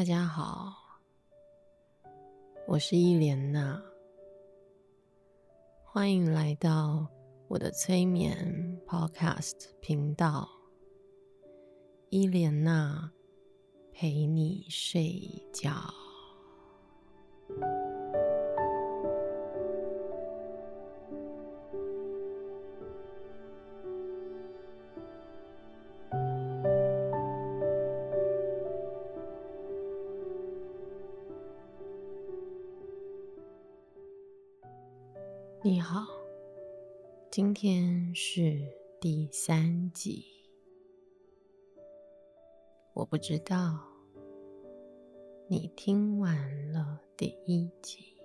大家好，我是伊蓮娜，歡迎來到我的催眠 Podcast 頻道，伊蓮娜陪你睡覺。不知道你聽完了第一集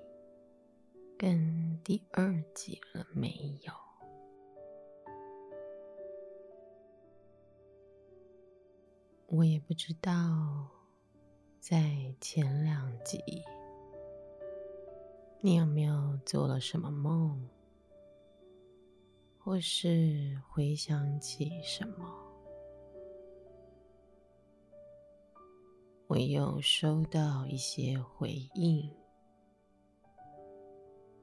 跟第二集了沒有？我也不知道，在前兩集你有沒有做了什麼夢，或是回想起什麼？我又收到一些回應，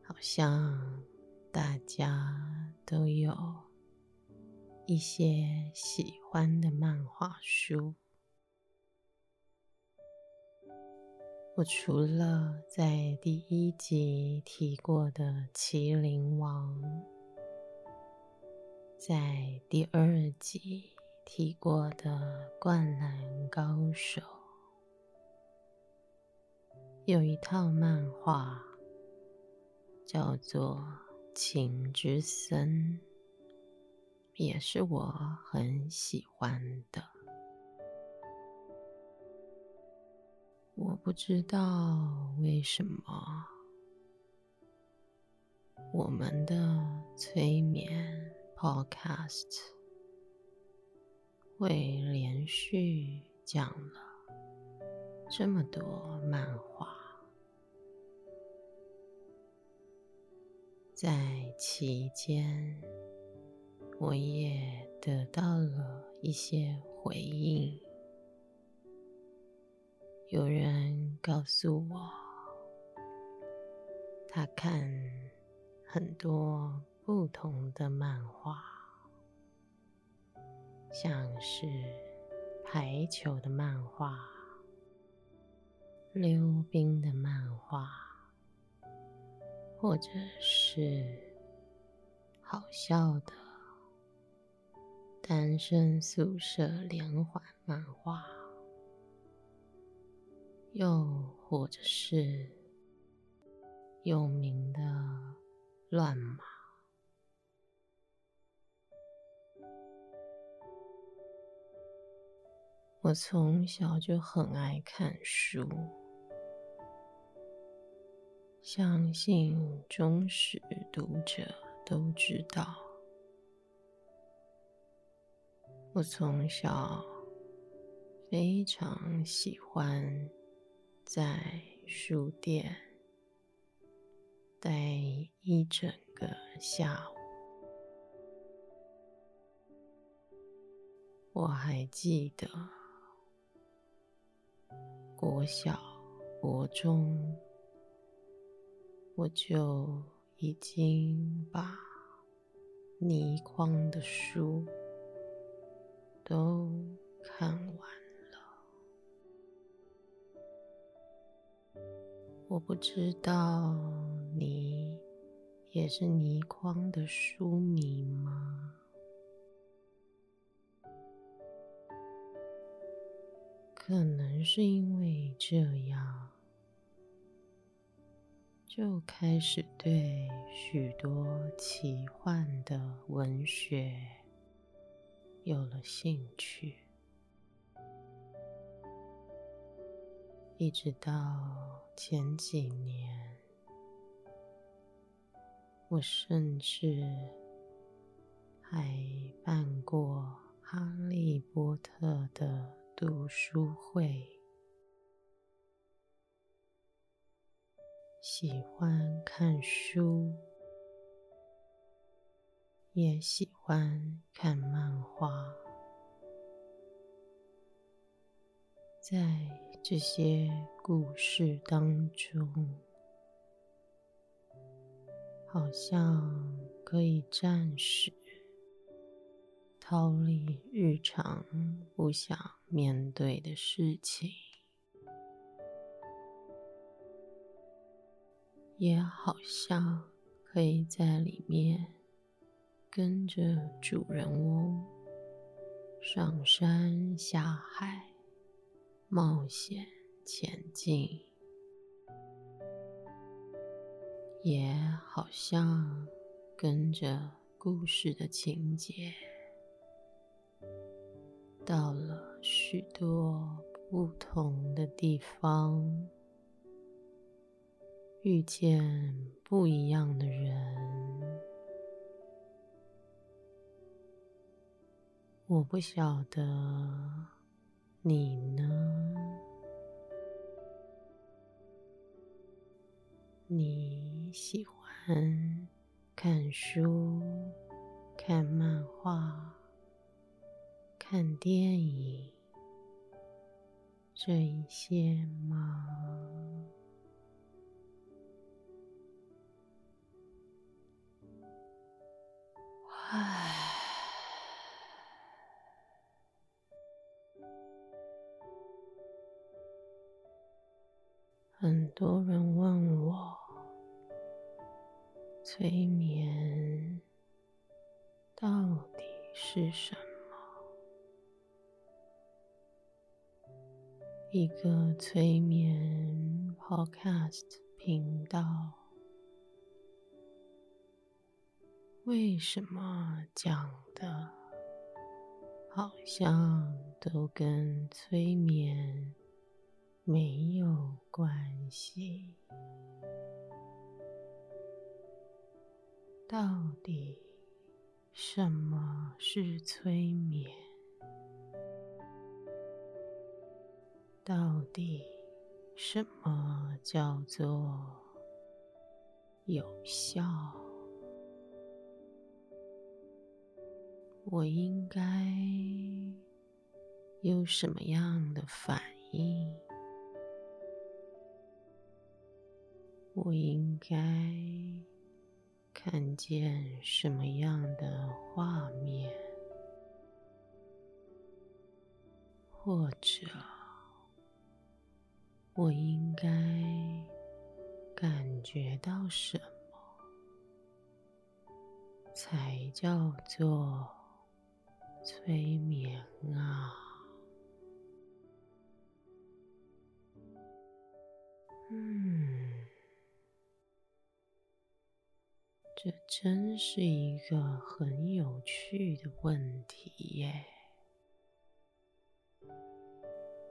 好像大家都有一些喜歡的漫畫書。我除了在第一集提過的《麒麟王》，在第二集提過的《灌籃高手》。有一套漫畫叫做《情之森》，也是我很喜歡的。我不知道為什麼，我們的催眠 Podcast 會連續講了這麼多漫畫。在期間，我也得到了一些回應。有人告訴我，他看很多不同的漫畫，像是排球的漫畫、溜冰的漫畫。或者是好笑的單身宿舍連環漫畫，又或者是有名的亂馬。我從小就很愛看書。相信忠實讀者都知道，我從小非常喜歡在書店待一整個下午。我還記得，國小、國中。我就已經把倪匡的書都看完了。我不知道你也是倪匡的書迷嗎？可能是因為這樣。就開始對許多奇幻的文學有了興趣，一直到前幾年，我甚至還辦過《哈利波特》的讀書會。喜歡看書，也喜歡看漫畫。在這些故事當中，好像可以暫時逃離日常不想面對的事情。也好像可以在裡面跟着主人翁上山下海、冒險前進，也好像跟着故事的情節到了許多不同的地方。遇見不一樣的人，我不曉得你呢。你喜歡看書、看漫畫、看電影，這一些嗎？唉，很多人問我，催眠到底是什麼？一個催眠 podcast 頻道。為什麼講的好像都跟催眠沒有關係？到底什麼是催眠？到底什麼叫做有效？我應該有什麼樣的反應？我應該看見什麼樣的畫面？或者我應該感覺到什麼才叫做？催眠啊，嗯，這真是一個很有趣的問題耶。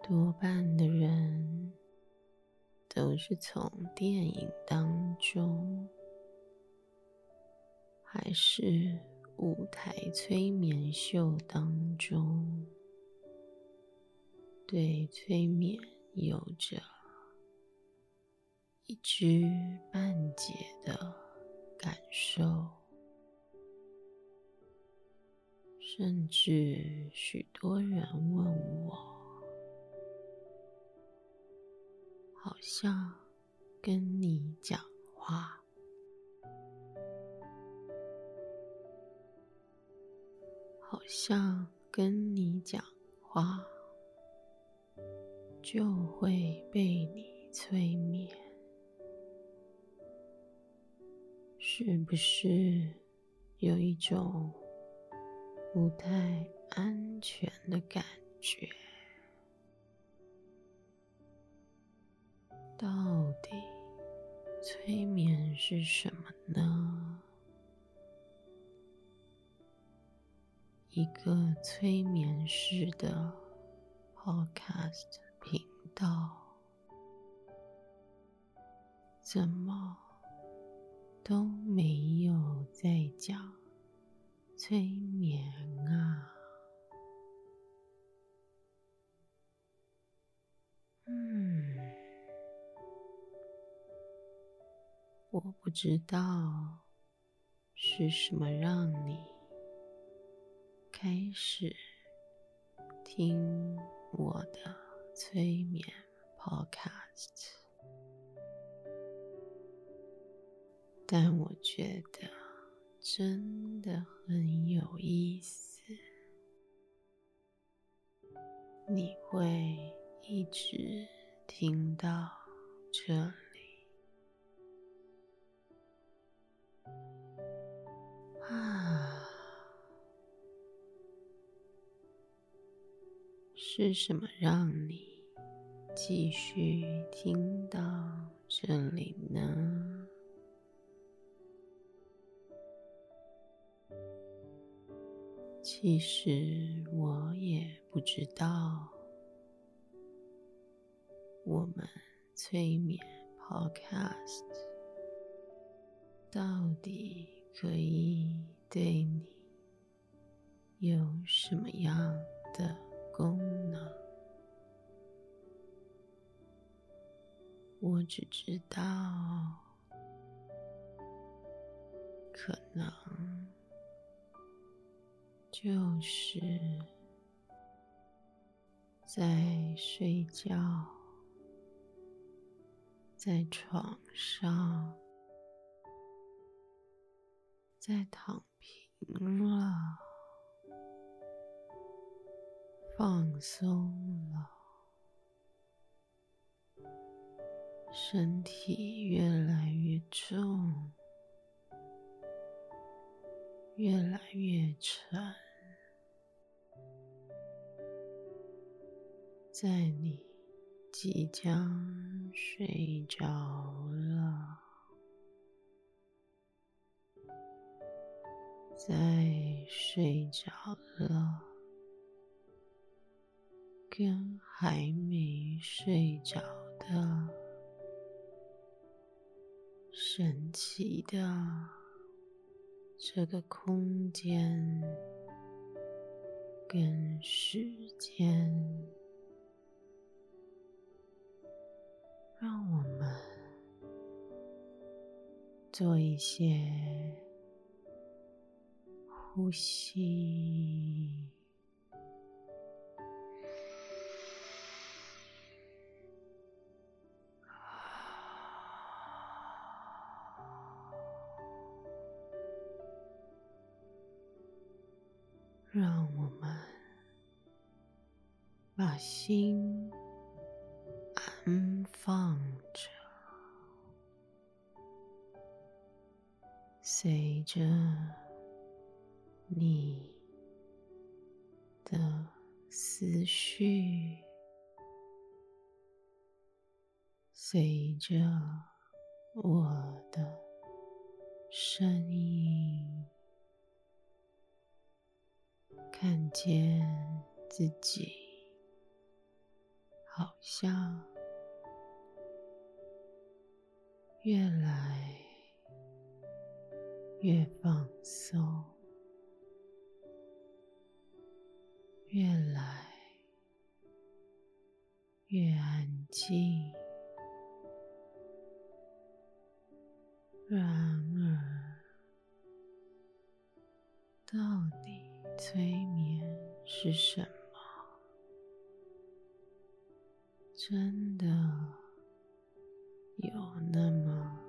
多半的人都是從電影當中，還是。舞台催眠秀當中，對催眠有着一知半解的感受，甚至許多人問我，好像跟你講話。好像跟你講話就會被你催眠，是不是有一種不太安全的感覺？到底催眠是什麼呢？一個催眠師的 podcast 頻道，怎麼都沒有在講催眠啊？嗯，我不知道是什麼讓你。開始聽我的催眠 Podcast，但我覺得真的很有意思，你會一直聽到這。是什麼讓你繼續聽到這裡呢？其實我也不知道，我們催眠 podcast 到底可以對你有什麼樣的？功能，我只知道，可能就是在睡覺，在床上，在躺平了。放鬆了，身體越來越重，越來越沉，在你即將睡着了，在睡着了。跟還沒睡着的神奇的這個空間跟時間，讓我們做一些呼吸。讓我們把心安放着，隨着你的思緒，隨着我的聲音。看見自己，好像越來越放鬆，越來越安靜，越催眠是什麼？真的有那麼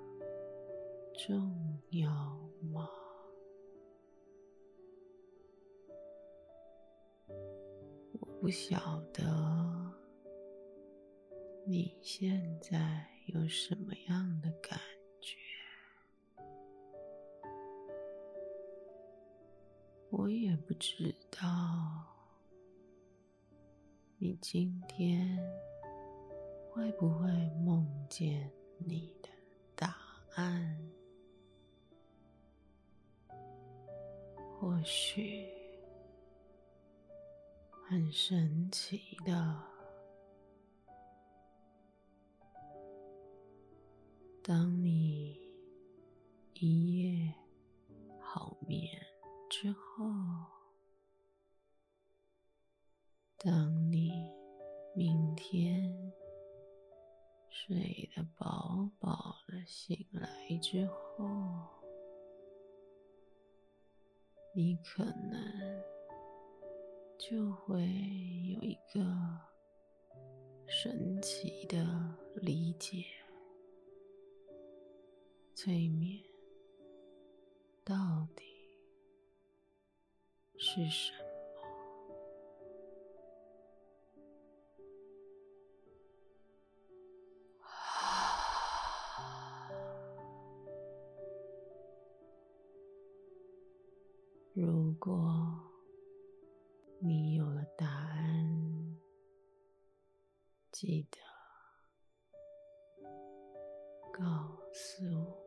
重要嗎？我不曉得你現在有什麼樣的感我也不知道，你今天會不會夢見你的答案？或許很神奇的，當你一夜好眠。之後，當你明天睡得飽飽的醒來之後，你可能就會有一個神奇的理解，催眠到底是什麼？如果你有了答案，記得告訴我。